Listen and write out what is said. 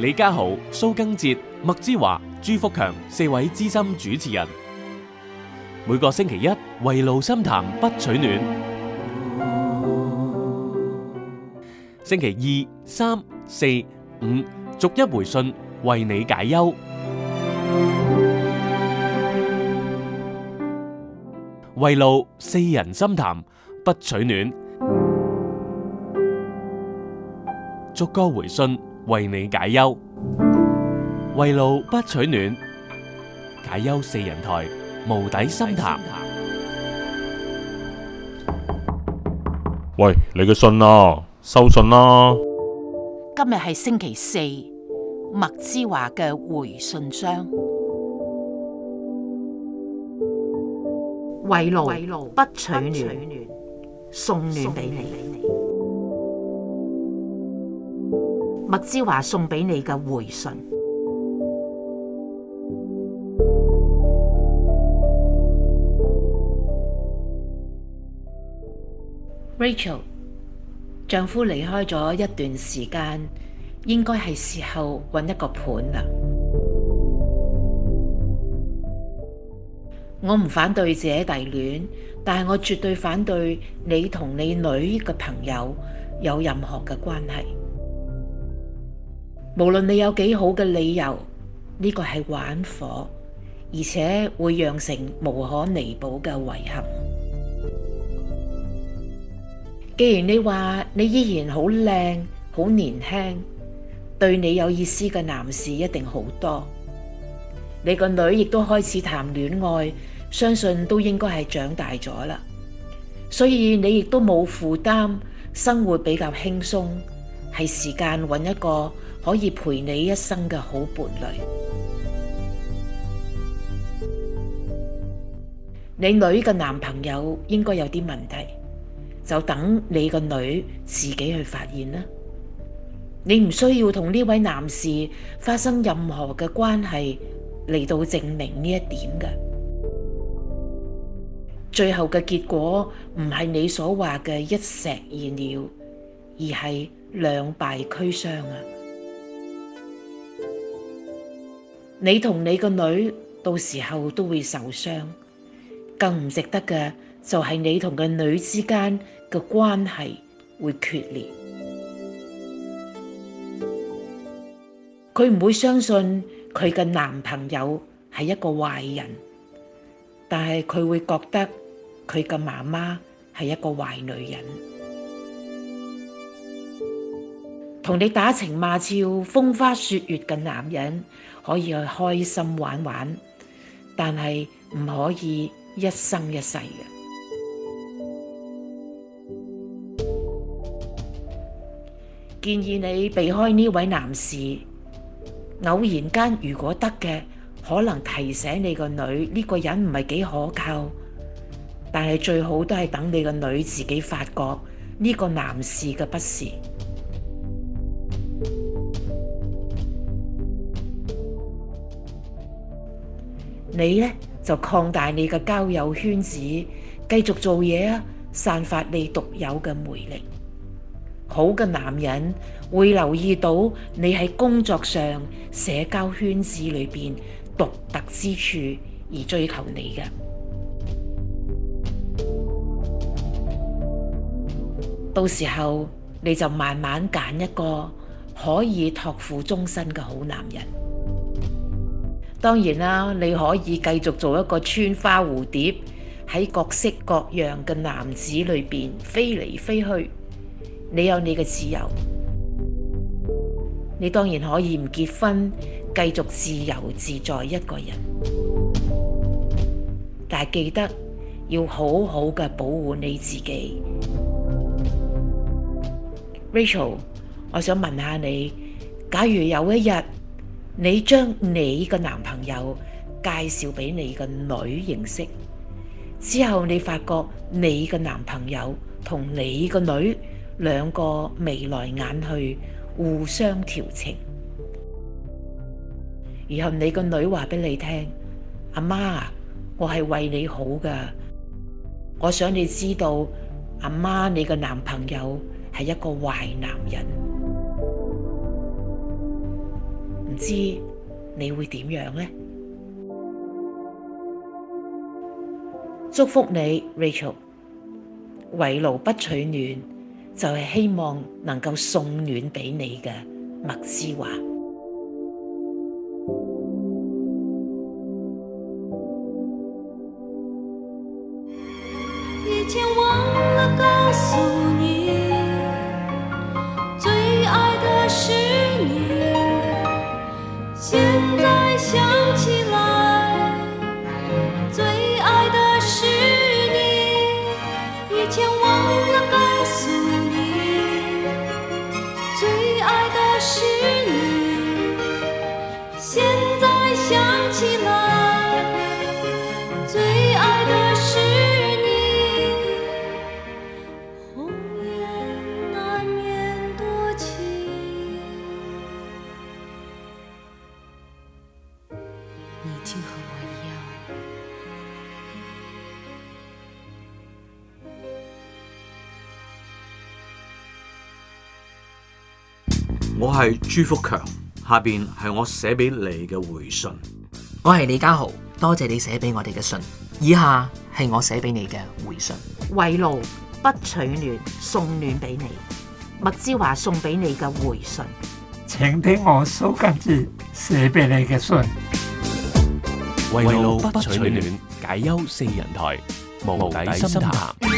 李家豪、蘇更哲、麥之華、朱福強四位資深主持人，每個星期一圍爐心談不取暖，星期二、三、四、五逐一回信為你解憂，圍爐四人心談不取暖，逐個回信。為你解憂，為路不取暖，解憂四人台，無底深潭。喂，你嘅信啊，收信啦。今日係星期四，麥之華嘅回信箱。為路不取暖，送暖俾你。麥之華送俾你嘅回信。Rachel，丈夫離開咗一段時間，應該係時候揾一個伴啦。我唔反對姐弟戀，但係我絕對反對你同你女嘅朋友有任何嘅關係。無論你有幾好嘅理由，呢個係玩火，而且會釀成無可彌補嘅遺憾。既然你話你依然好靚、好年輕，對你有意思嘅男士一定好多。你個女亦都開始談戀愛，相信都應該係長大咗啦。所以你亦都冇負擔，生活比較輕鬆。係時間揾一個可以陪你一生嘅好伴侶。你女嘅男朋友應該有啲問題，就等你個女自己去發現啦。你唔需要同呢位男士發生任何嘅關係嚟到證明呢一點嘅。最後嘅結果唔係你所話嘅一石二鳥，而係兩敗俱傷啊！你同你個女到時候都會受傷，更唔值得嘅就係你同個女之間嘅關係會決裂。佢唔會相信佢嘅男朋友係一個壞人，但係佢會覺得佢嘅媽媽係一個壞女人。同你打情罵俏、風花雪月嘅男人，可以去開心玩玩，但係唔可以一生一世嘅。建議你避開呢位男士。偶然間如果得嘅，可能提醒你個女呢個人唔係幾可靠，但係最好都係等你個女自己發覺呢個男士嘅不是。你呢，就擴大你嘅交友圈子，繼續做嘢啊，散發你獨有嘅魅力。好嘅男人會留意到你喺工作上、社交圈子裏邊獨特之處而追求你嘅。到時候你就慢慢揀一個可以托付終身嘅好男人。當然啦，你可以繼續做一個穿花蝴蝶，喺各式各樣嘅男子裏邊飛嚟飛去。你有你嘅自由，你當然可以唔結婚，繼續自由自在一個人。但係記得要好好嘅保護你自己。Rachel，我想問下你，假如有一日，你將你的男朋友介紹給你的女認識之後，你發覺你的男朋友同你的女兩個眉來眼去，互相調情。然後你的女話俾你聽，阿媽，我是為你好的。我想你知道，阿媽你嘅男朋友是一個壞男人。知你會點樣呢？祝福你，Rachel，圍爐不取暖，就係希望能夠送暖俾你嘅麥之華。啊、我係朱福強，下邊係我寫俾你嘅回信。我係李家豪，多謝你寫俾我哋嘅信。以下係我寫俾你嘅回信。為爐不取暖，送暖俾你。麥之華送俾你嘅回信，請聽我收根志寫俾你嘅信。為路不取暖，解憂四人台，無底深潭。